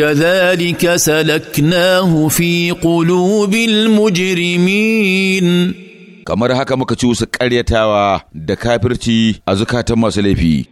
كذلك سلكناه في قلوب المجرمين كما رحكمك تشوس قريتاوا دكافرتي ازكاتم مسلفي